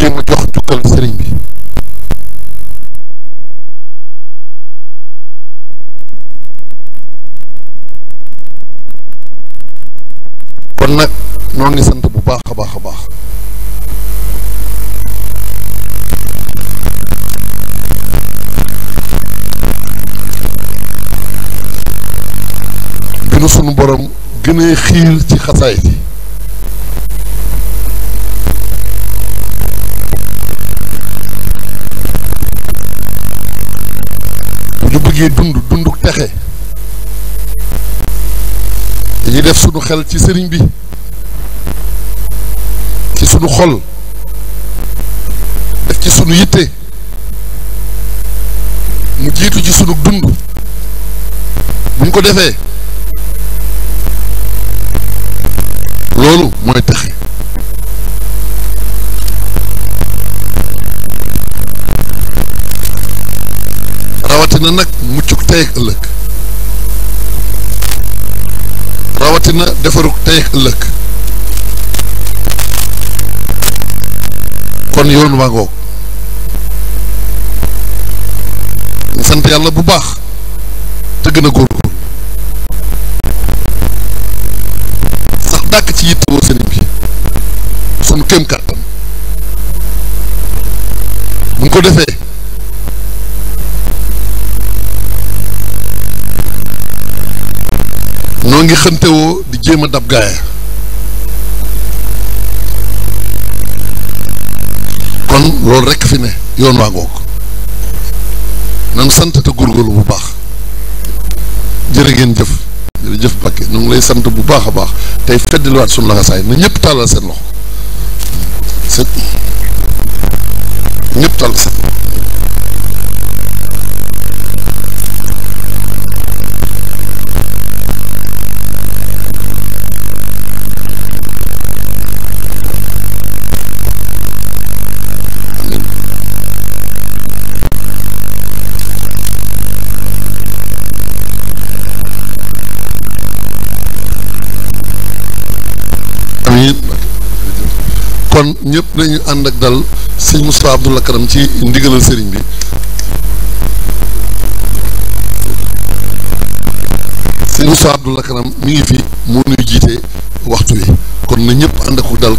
jéem a jox jukkal nag ñoo ngi sant bu baax a baax a baax bi nu sunu borom gën xiir ci xasaay yi bëggee dund dundu texe dañuy def sunu xel ci sëriñ bi ci sunu xol def ci sunu yitte mu jiitu ci sunu dund bu ñu ko defee loolu mooy tax rawatina nag muccuk tey ak ëllëg rawatina defaruk tey ak ëllëg kon yoon waa ngoog ñu sant yàlla bu baax te gën a góorgóorlu sax dàkk ci yittewoo sëriñ bi suñ kéem kàttan bu ko defee noo ngi xëntewoo di jéem a dab gaaya kon loolu rekk fi ne yoon waa ngoog nan sant te góorgóorlu bu baax jërë ngeen jëf jërëjëf Mbacké ñu ngi lay sant bu baax a baax tey feddiliwaat suñu laxasaay na ñëpp tàllal seen loxo set ñëpp tàllal seen kon ñëpp nañu ànd ak dal sëñ Moustapha Abdoul Karam ci ndigalal sëriñ bi sëñ Moustapha Abdoul Karam mi ngi fi moo nuy jiite waxtu wi kon na ñëpp ànd ak dal